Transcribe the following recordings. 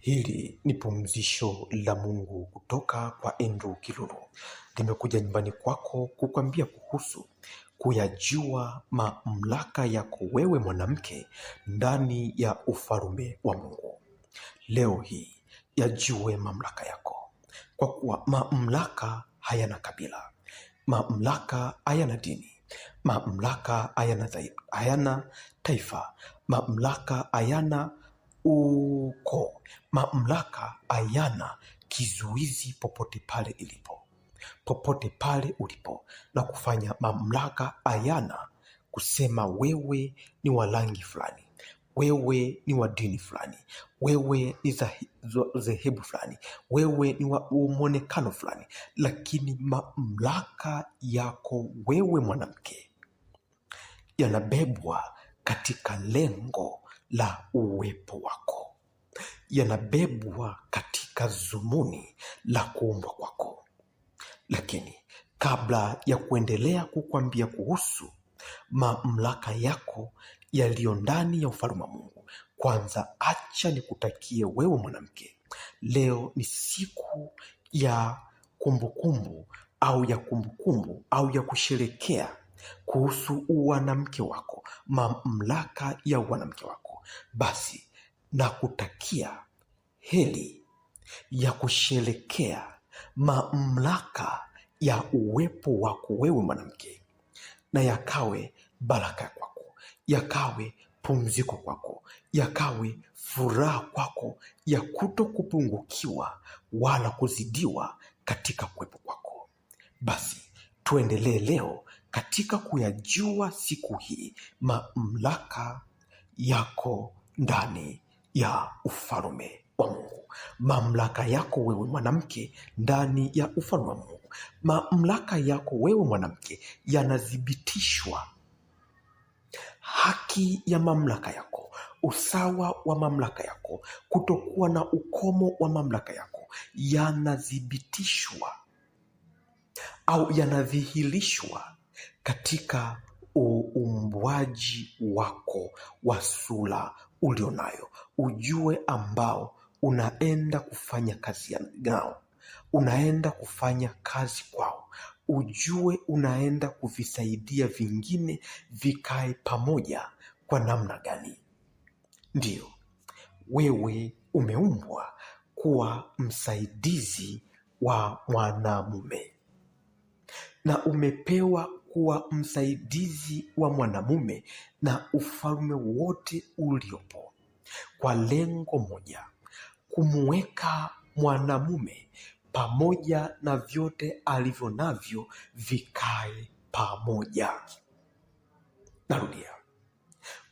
Hili ni pumzisho la Mungu kutoka kwa Andrew kiluru Limekuja nyumbani kwako kukwambia kuhusu kuyajua mamlaka yako wewe mwanamke ndani ya ufarume wa Mungu. Leo hii yajue mamlaka yako, kwa kuwa mamlaka hayana kabila, mamlaka hayana dini, mamlaka hayana, hayana taifa, mamlaka hayana uko. Mamlaka ayana kizuizi popote pale ilipo, popote pale ulipo, na kufanya mamlaka ayana kusema wewe ni wa rangi fulani, wewe ni wa dini fulani, wewe ni dhehebu fulani, wewe ni wa mwonekano fulani, lakini mamlaka yako wewe mwanamke yanabebwa katika lengo la uwepo wako, yanabebwa katika zumuni la kuumbwa kwako. Lakini kabla ya kuendelea kukwambia kuhusu mamlaka yako yaliyo ndani ya ufalme wa Mungu, kwanza acha nikutakie wewe mwanamke, leo ni siku ya kumbukumbu kumbu, au ya kumbukumbu kumbu, au ya kusherekea kuhusu uwanamke wako, mamlaka ya uwanamke wako basi na kutakia heli ya kusherekea mamlaka ya uwepo wako wewe mwanamke, na yakawe baraka kwako, yakawe pumziko kwako, yakawe furaha kwako ya kuto kupungukiwa wala kuzidiwa katika kuwepo kwako. Basi tuendelee leo katika kuyajua siku hii mamlaka yako ndani ya ufalme wa Mungu, mamlaka yako wewe mwanamke ndani ya ufalme wa Mungu. Mamlaka yako wewe mwanamke yanathibitishwa, haki ya mamlaka yako, usawa wa mamlaka yako, kutokuwa na ukomo wa mamlaka yako yanathibitishwa au yanadhihirishwa katika uumbwaji wako wa sura nayo ujue ambao unaenda kufanya kazi nao, unaenda kufanya kazi kwao, ujue unaenda kuvisaidia vingine vikae pamoja kwa namna gani. Ndiyo, wewe umeumbwa kuwa msaidizi wa mwanamume na umepewa kuwa msaidizi wa mwanamume na ufalme wote uliopo, kwa lengo moja, kumweka mwanamume pamoja na vyote alivyo navyo vikae pamoja. Narudia,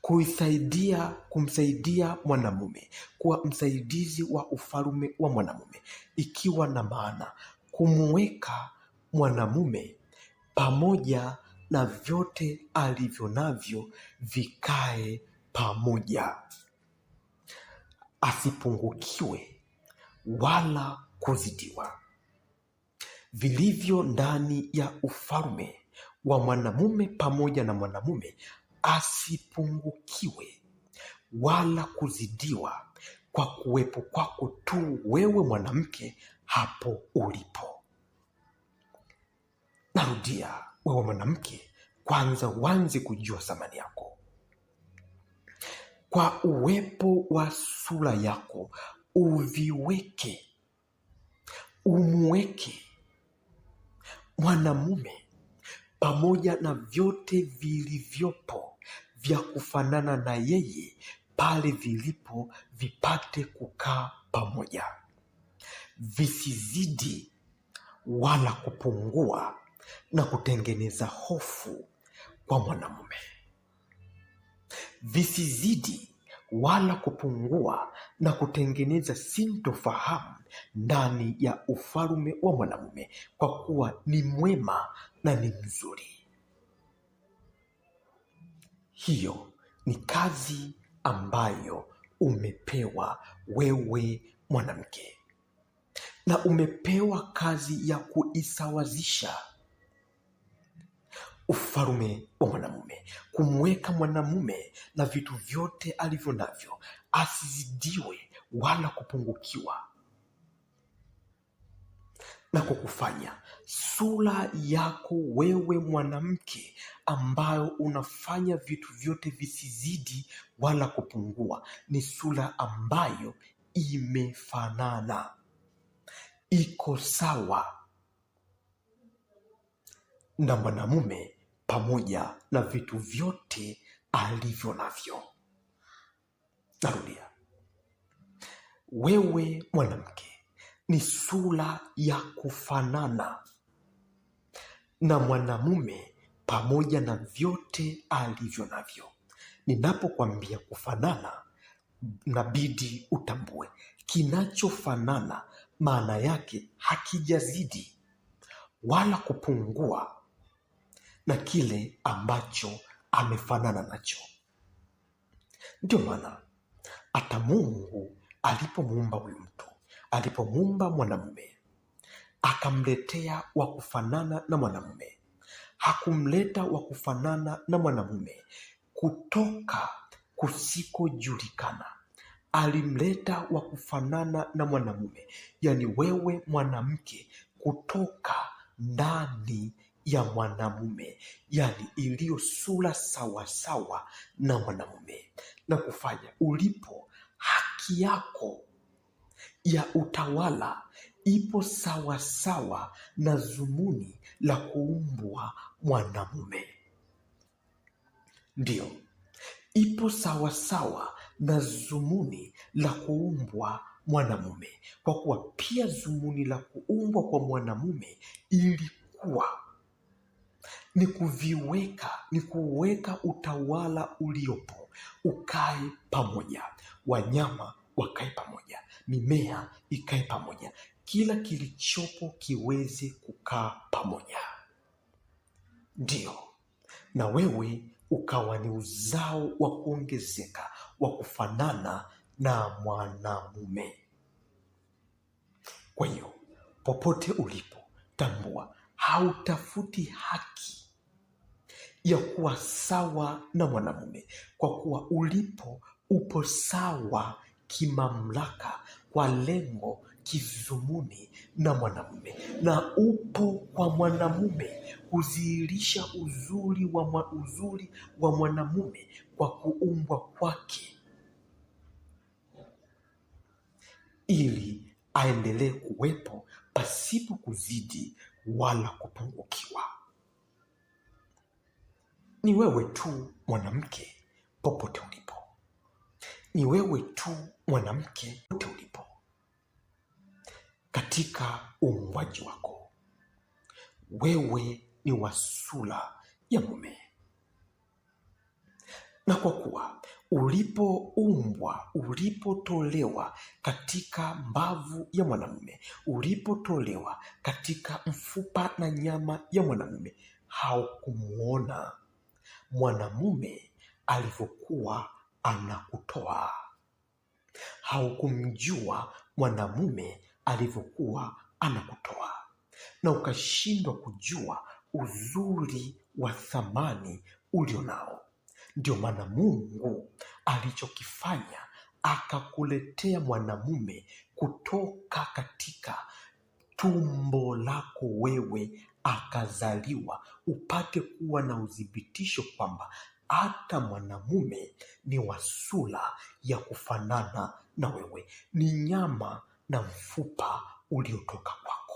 kuisaidia kumsaidia mwanamume kuwa msaidizi wa ufalme wa mwanamume, ikiwa na maana kumweka mwanamume pamoja na vyote alivyo navyo vikae pamoja, asipungukiwe wala kuzidiwa, vilivyo ndani ya ufalme wa mwanamume pamoja na mwanamume, asipungukiwe wala kuzidiwa kwa kuwepo kwako tu wewe mwanamke hapo ulipo narudia, wewe mwanamke, kwanza uanze kujua thamani yako kwa uwepo wa sura yako, uviweke umweke mwanamume pamoja na vyote vilivyopo vya kufanana na yeye pale vilipo, vipate kukaa pamoja, visizidi wala kupungua na kutengeneza hofu kwa mwanamume, visizidi wala kupungua na kutengeneza sintofahamu ndani ya ufalme wa mwanamume, kwa kuwa ni mwema na ni mzuri. Hiyo ni kazi ambayo umepewa wewe mwanamke, na umepewa kazi ya kuisawazisha ufalume wa mwanamume, kumweka mwanamume na vitu vyote alivyo navyo, asizidiwe wala kupungukiwa, na kwa kufanya sura yako wewe mwanamke, ambayo unafanya vitu vyote visizidi wala kupungua, ni sura ambayo imefanana, iko sawa na mwanamume pamoja na vitu vyote alivyo navyo. Narudia, wewe mwanamke ni sura ya kufanana na mwanamume pamoja na vyote alivyo navyo. Ninapokwambia kufanana, nabidi utambue kinachofanana maana yake hakijazidi wala kupungua na kile ambacho amefanana nacho. Ndio maana hata Mungu alipomuumba huyu mtu, alipomuumba mwanamume, akamletea wa kufanana na mwanamume, hakumleta wa kufanana na mwanamume kutoka kusikojulikana alimleta wa kufanana na mwanamume, yaani wewe mwanamke, kutoka ndani ya mwanamume, yani iliyo sura sawasawa sawa na mwanamume, na kufanya ulipo haki yako ya utawala ipo sawasawa sawa na zumuni la kuumbwa mwanamume, ndiyo ipo sawasawa sawa na zumuni la kuumbwa mwanamume, kwa kuwa pia zumuni la kuumbwa kwa mwanamume ilikuwa ni kuviweka, ni kuweka utawala uliopo ukae pamoja, wanyama wakae pamoja, mimea ikae pamoja, kila kilichopo kiweze kukaa pamoja, ndio na wewe ukawa ni uzao wa kuongezeka wa kufanana na mwanamume. Kwa hiyo popote ulipo, tambua hautafuti haki ya kuwa sawa na mwanamume, kwa kuwa ulipo upo sawa kimamlaka, kwa lengo kizumuni na mwanamume, na upo kwa mwanamume hudhihirisha uzuri wa mwa, uzuri wa mwanamume kwa kuumbwa kwake ili aendelee kuwepo pasipo kuzidi wala kupungukiwa. Ni wewe tu mwanamke, popote ulipo, ni wewe tu mwanamke, popote ulipo katika uumbaji wako, wewe ni wasula ya mume, na kwa kuwa ulipoumbwa, ulipotolewa katika mbavu ya mwanamume, ulipotolewa katika mfupa na nyama ya mwanamume, haukumuona mwanamume alivyokuwa anakutoa, haukumjua mwanamume alivyokuwa anakutoa, na ukashindwa kujua uzuri wa thamani ulio nao. Ndio maana Mungu alichokifanya akakuletea mwanamume kutoka katika tumbo lako wewe akazaliwa, upate kuwa na uthibitisho kwamba hata mwanamume ni wa sura ya kufanana na wewe, ni nyama na mfupa uliotoka kwako,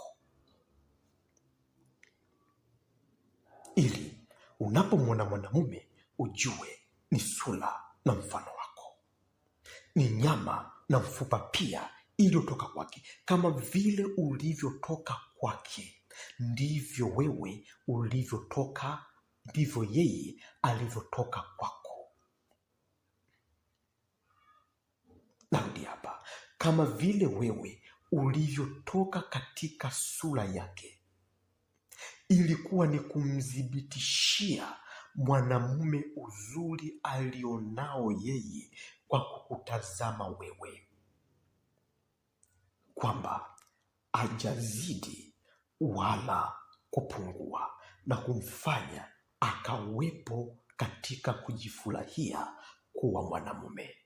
ili unapomwona mwanamume ujue ni sura na mfano wako, ni nyama na mfupa pia iliyotoka kwake, kama vile ulivyotoka kwake ndivyo wewe ulivyotoka, ndivyo yeye alivyotoka kwako. Narudi hapa, kama vile wewe ulivyotoka katika sura yake, ilikuwa ni kumthibitishia mwanamume uzuri alionao yeye kwa kukutazama wewe, kwamba ajazidi wala kupungua, na kumfanya akawepo katika kujifurahia kuwa mwanamume.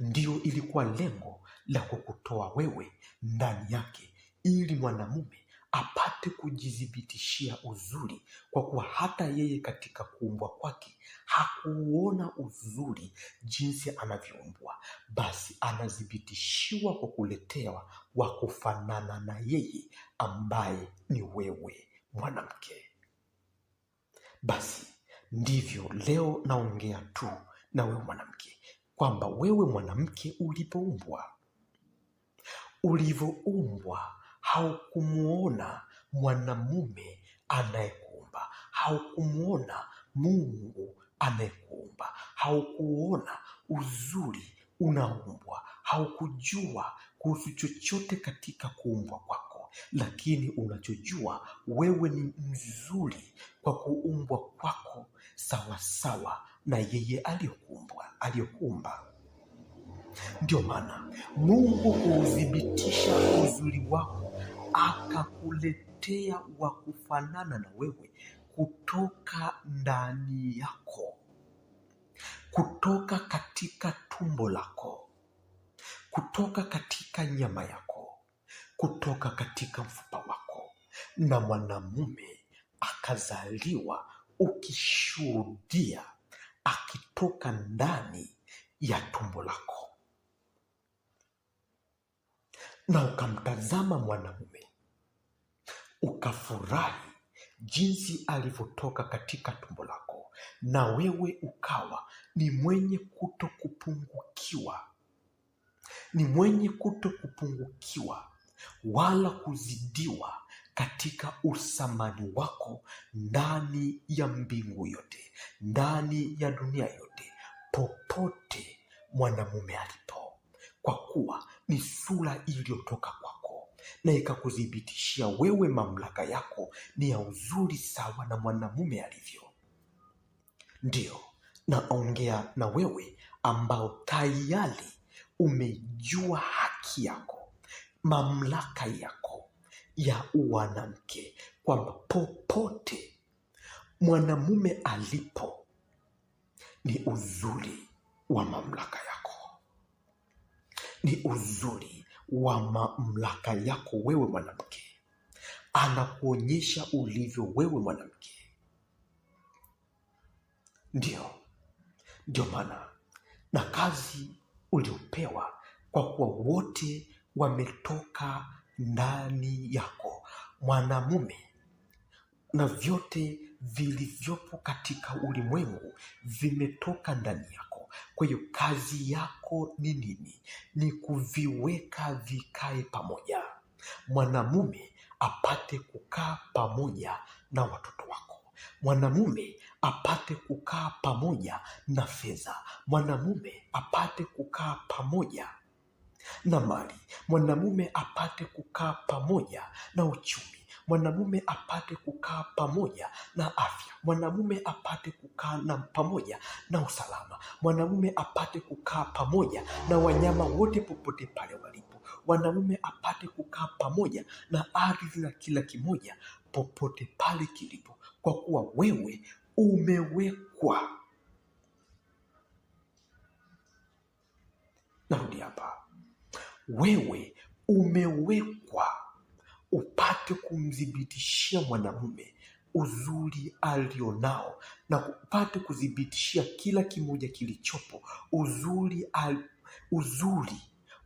Ndiyo ilikuwa lengo la kukutoa wewe ndani yake, ili mwanamume apate kujithibitishia uzuri, kwa kuwa hata yeye katika kuumbwa kwake hakuona uzuri jinsi anavyoumbwa, basi anathibitishiwa kwa kuletewa wa kufanana na yeye ambaye ni wewe mwanamke. Basi ndivyo leo naongea tu na wewe mwanamke, kwamba wewe mwanamke ulipoumbwa, ulivyoumbwa haukumuona mwanamume anayekuumba, haukumuona Mungu anayekuumba, haukuona uzuri unaumbwa, haukujua kuhusu chochote katika kuumbwa kwako, lakini unachojua wewe ni mzuri kwa kuumbwa kwako sawasawa na yeye aliyokuumba aliyokuumba. Ndio maana Mungu huuthibitisha uzuri wako akakuletea wa kufanana na wewe kutoka ndani yako, kutoka katika tumbo lako, kutoka katika nyama yako, kutoka katika mfupa wako, na mwanamume akazaliwa ukishuhudia akitoka ndani ya tumbo lako. na ukamtazama mwanamume ukafurahi jinsi alivyotoka katika tumbo lako, na wewe ukawa ni mwenye kuto kupungukiwa, ni mwenye kuto kupungukiwa wala kuzidiwa katika usamani wako ndani ya mbingu yote, ndani ya dunia yote, popote mwanamume alipo kwa kuwa ni sura iliyotoka kwako, na ikakuthibitishia wewe mamlaka yako ni ya uzuri sawa na mwanamume alivyo. ndio naongea na wewe ambao tayari umejua haki yako, mamlaka yako ya uwanamke, kwamba popote mwanamume alipo ni uzuri wa mamlaka yako ni uzuri wa mamlaka yako wewe mwanamke, anakuonyesha ulivyo wewe mwanamke. Ndio, ndio maana na kazi uliopewa, kwa kuwa wote wametoka ndani yako mwanamume, na vyote vilivyopo katika ulimwengu vimetoka ndani yako. Kwa hiyo kazi yako ni nini? Ni kuviweka vikae pamoja, mwanamume apate kukaa pamoja na watoto wako mwanamume apate kukaa pamoja na fedha, mwanamume apate kukaa pamoja na mali, mwanamume apate kukaa pamoja na uchumi mwanamume apate kukaa pamoja na afya, mwanamume apate kukaa na pamoja na usalama, mwanamume apate kukaa pamoja na wanyama wote popote pale walipo, mwanamume apate kukaa pamoja na ardhi na kila kimoja popote pale kilipo, kwa kuwa wewe umewekwa. Narudi hapa, wewe umewekwa upate kumthibitishia mwanamume uzuri alionao na upate kuthibitishia kila kimoja kilichopo uzuri al, uzuri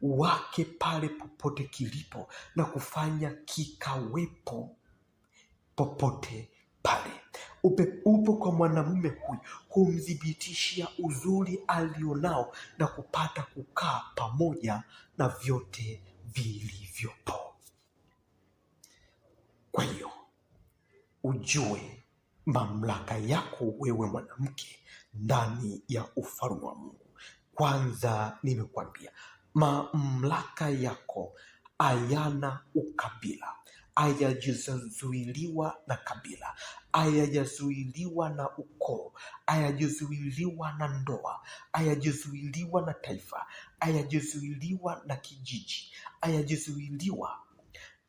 wake pale popote kilipo na kufanya kikawepo popote pale. Upe, upo kwa mwanamume huyu kumdhibitishia uzuri alionao na kupata kukaa pamoja na vyote vilivyopo. Kwa hiyo ujue mamlaka yako wewe mwanamke ndani ya ufalme wa Mungu. Kwanza nimekwambia mamlaka yako hayana ukabila, hayajazuiliwa na kabila, hayajazuiliwa na ukoo, hayajazuiliwa na ndoa, hayajazuiliwa na taifa, hayajazuiliwa na kijiji, hayajazuiliwa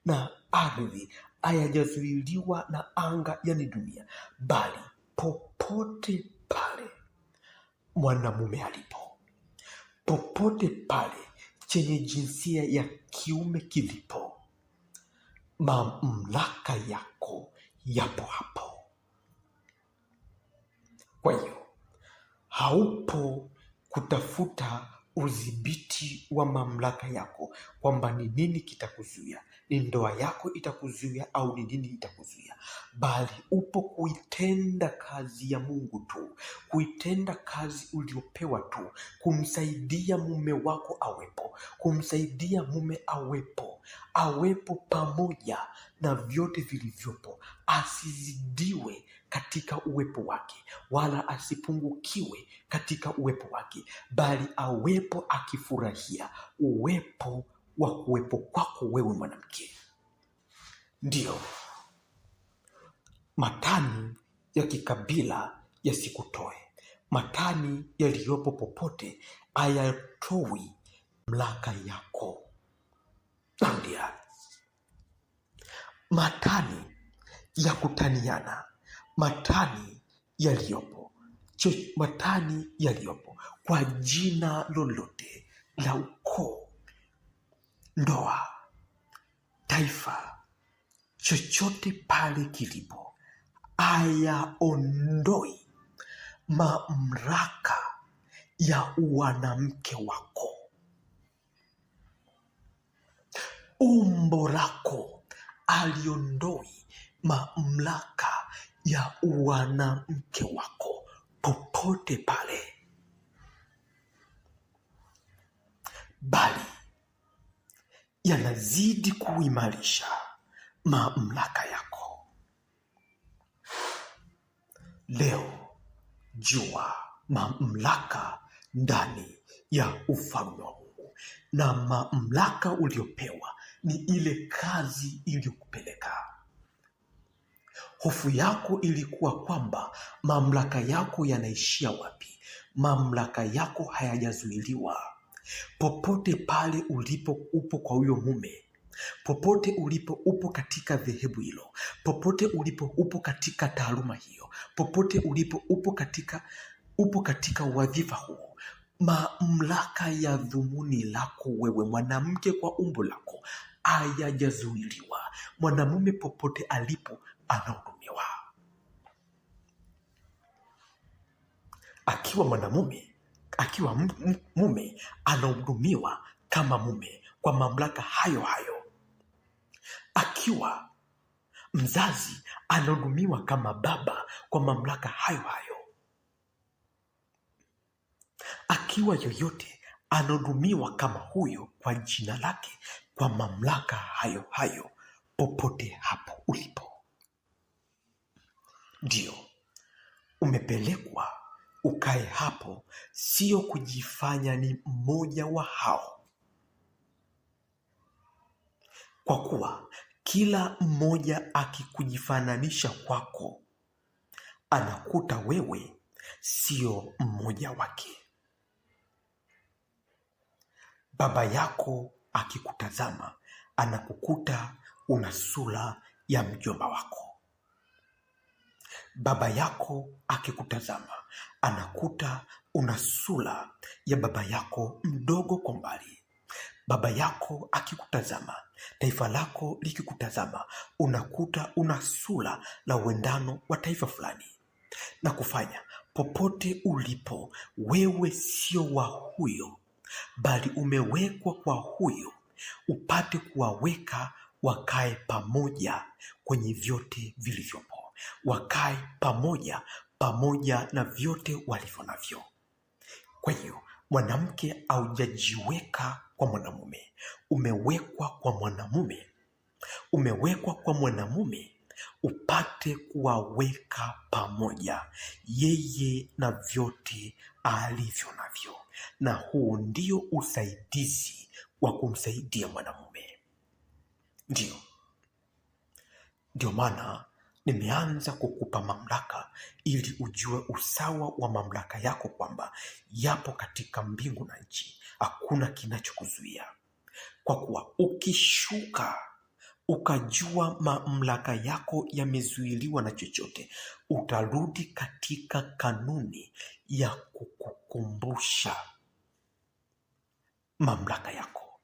na ardhi, hayajazuiliwa na anga, yani dunia, bali popote pale mwanamume alipo, popote pale chenye jinsia ya kiume kilipo, mamlaka yako yapo hapo. Kwa hiyo haupo kutafuta udhibiti wa mamlaka yako, kwamba ni nini kitakuzuia, ni ndoa yako itakuzuia au ni nini itakuzuia, bali upo kuitenda kazi ya Mungu tu, kuitenda kazi uliopewa tu, kumsaidia mume wako awepo, kumsaidia mume awepo, awepo pamoja na vyote vilivyopo, asizidiwe katika uwepo wake wala asipungukiwe katika uwepo wake, bali awepo akifurahia uwepo wa kuwepo kwako wewe mwanamke. Ndiyo, matani ya kikabila yasikutoe. Matani yaliyopo popote hayatoi mlaka yako Andia. Matani ya kutaniana, matani yaliyopo, matani yaliyopo kwa jina lolote la ukoo ndoa, taifa, chochote pale kilipo, ayaondoi mamlaka ya uwanamke wako, umbo lako aliondoi mamlaka ya uwanamke wako popote pale, bali yanazidi kuimarisha mamlaka yako. Leo jua mamlaka ndani ya ufalme wa Mungu, na mamlaka uliopewa ni ile kazi iliyokupeleka. Hofu yako ilikuwa kwamba mamlaka yako yanaishia wapi? Mamlaka yako hayajazuiliwa Popote pale ulipo, upo kwa huyo mume popote ulipo upo katika dhehebu hilo, popote ulipo upo katika taaluma hiyo, popote ulipo upo katika upo katika wadhifa huo. Mamlaka ya dhumuni lako wewe mwanamke kwa umbo lako hayajazuiliwa. Mwanamume popote alipo anahudumiwa, akiwa mwanamume akiwa mume anahudumiwa kama mume kwa mamlaka hayo hayo, akiwa mzazi anahudumiwa kama baba kwa mamlaka hayo hayo, akiwa yoyote anahudumiwa kama huyo kwa jina lake kwa mamlaka hayo hayo, popote hapo ulipo, ndio umepelekwa ukae hapo, sio kujifanya ni mmoja wa hao, kwa kuwa kila mmoja akikujifananisha kwako anakuta wewe sio mmoja wake. Baba yako akikutazama anakukuta una sura ya mjomba wako baba yako akikutazama anakuta una sura ya baba yako mdogo kwa mbali. Baba yako akikutazama, taifa lako likikutazama, unakuta una sura la uendano wa taifa fulani, na kufanya popote ulipo, wewe sio wa huyo, bali umewekwa kwa huyo, upate kuwaweka wakae pamoja kwenye vyote vilivyopo wakae pamoja pamoja na vyote walivyo navyo. Kwa hiyo mwanamke aujajiweka kwa mwanamume, umewekwa kwa mwanamume, umewekwa kwa mwanamume upate kuwaweka pamoja yeye na vyote alivyo navyo, na huu ndio usaidizi wa kumsaidia mwanamume. Ndio, ndio maana nimeanza kukupa mamlaka ili ujue usawa wa mamlaka yako, kwamba yapo katika mbingu na nchi, hakuna kinachokuzuia. Kwa kuwa ukishuka ukajua mamlaka yako yamezuiliwa na chochote, utarudi katika kanuni ya kukukumbusha mamlaka yako,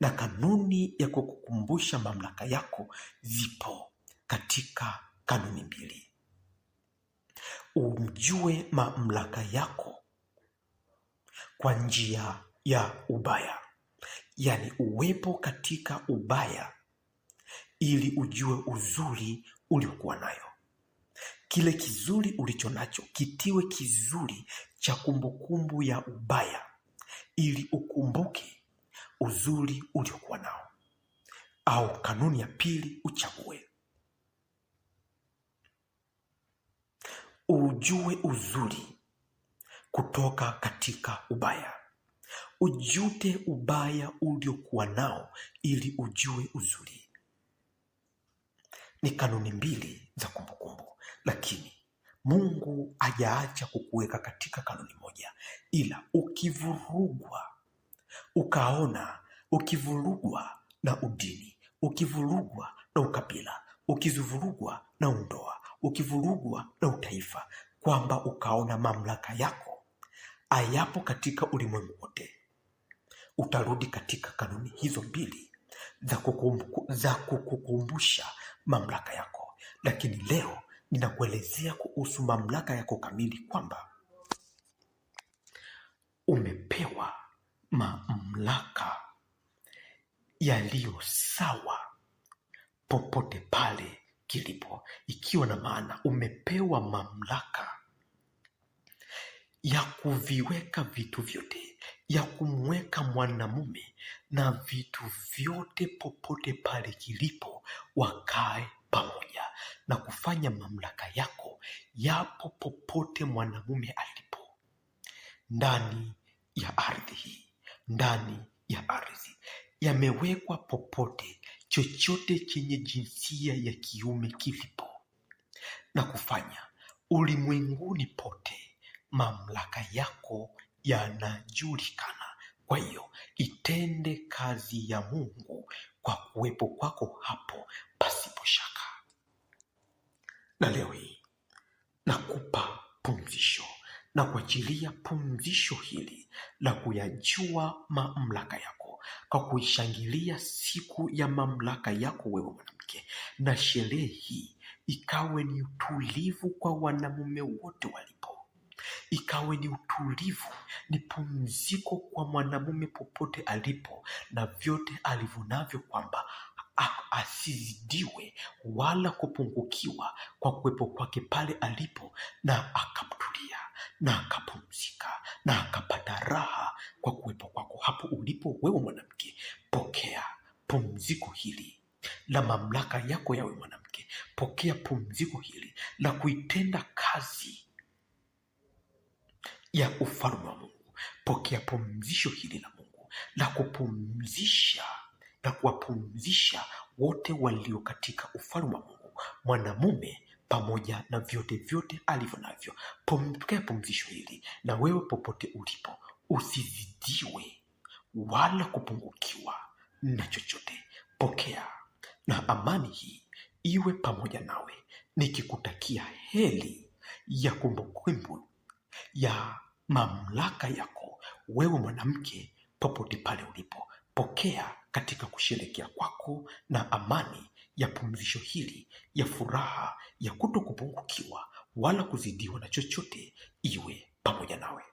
na kanuni ya kukukumbusha mamlaka yako zipo katika kanuni mbili umjue mamlaka yako kwa njia ya ubaya yaani uwepo katika ubaya ili ujue uzuri uliokuwa nayo kile kizuri ulicho nacho kitiwe kizuri cha kumbukumbu ya ubaya ili ukumbuke uzuri uliokuwa nao au kanuni ya pili uchague Ujue uzuri kutoka katika ubaya, ujute ubaya uliokuwa nao ili ujue uzuri. Ni kanuni mbili za kumbukumbu, lakini Mungu hajaacha kukuweka katika kanuni moja, ila ukivurugwa ukaona, ukivurugwa na udini, ukivurugwa na ukabila, ukizivurugwa na undoa ukivurugwa na utaifa, kwamba ukaona mamlaka yako ayapo katika ulimwengu wote. Utarudi katika kanuni hizo mbili za, kukumbu, za kukukumbusha mamlaka yako. Lakini leo ninakuelezea kuhusu mamlaka yako kamili, kwamba umepewa mamlaka yaliyo sawa popote pale kilipo ikiwa na maana umepewa mamlaka ya kuviweka vitu vyote ya kumweka mwanamume na vitu vyote popote pale kilipo wakae pamoja na kufanya mamlaka yako yapo popote mwanamume alipo ndani ya ardhi hii ndani ya ardhi yamewekwa popote chochote chenye jinsia ya kiume kilipo na kufanya ulimwenguni pote mamlaka yako yanajulikana. Kwa hiyo itende kazi ya Mungu kwa kuwepo kwako hapo pasipo shaka. Na leo hii nakupa pumzisho na kuachilia pumzisho hili la kuyajua mamlaka yako kwa kuishangilia siku ya mamlaka yako wewe mwanamke, na sherehe hii ikawe ni utulivu kwa wanamume wote walipo, ikawe ni utulivu, ni pumziko kwa mwanamume popote alipo na vyote alivyo navyo, kwamba asizidiwe wala kupungukiwa kwa kuwepo kwake pale alipo, na akamtulia na akapumzika na akapata raha kwa kuwepo kwako hapo ulipo wewe mwanamke. Pokea pumziko hili la mamlaka yako yawe mwanamke, pokea pumziko hili la kuitenda kazi ya ufalme wa Mungu. Pokea pumzisho hili la Mungu la kupumzisha na kuwapumzisha wote walio katika ufalme wa Mungu, mwanamume pamoja na vyote vyote alivyo navyo. Pokea pumzisho hili na wewe popote ulipo, usizidiwe wala kupungukiwa na chochote. Pokea na amani hii iwe pamoja nawe, nikikutakia heri ya kumbukumbu ya mamlaka yako wewe mwanamke, popote pale ulipo, pokea katika kusherekea kwako na amani ya pumzisho hili ya furaha ya kutokupungukiwa wala kuzidiwa na chochote iwe pamoja nawe.